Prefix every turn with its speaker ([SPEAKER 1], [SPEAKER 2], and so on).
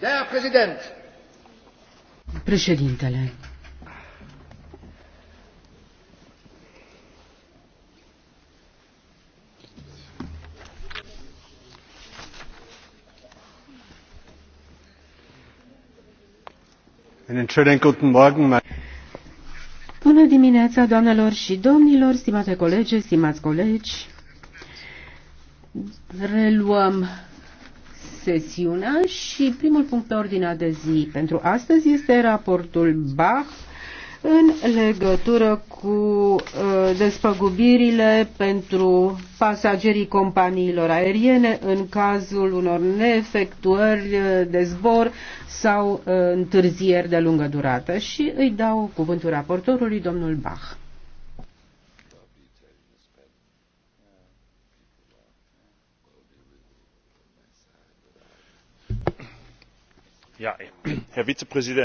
[SPEAKER 1] Der prezident!
[SPEAKER 2] Președintele.
[SPEAKER 3] Einen schönen guten Morgen, meine
[SPEAKER 4] Bună dimineața, doamnelor și domnilor, stimate colegi, stimați colegi. Reluăm sesiunea și primul punct pe ordinea de zi pentru astăzi este raportul Bach în legătură cu uh, despăgubirile pentru pasagerii companiilor aeriene în cazul unor neefectuări uh, de zbor sau uh, întârzieri de lungă durată. Și îi dau cuvântul raportorului, domnul Bach.
[SPEAKER 1] herr vizepräsident!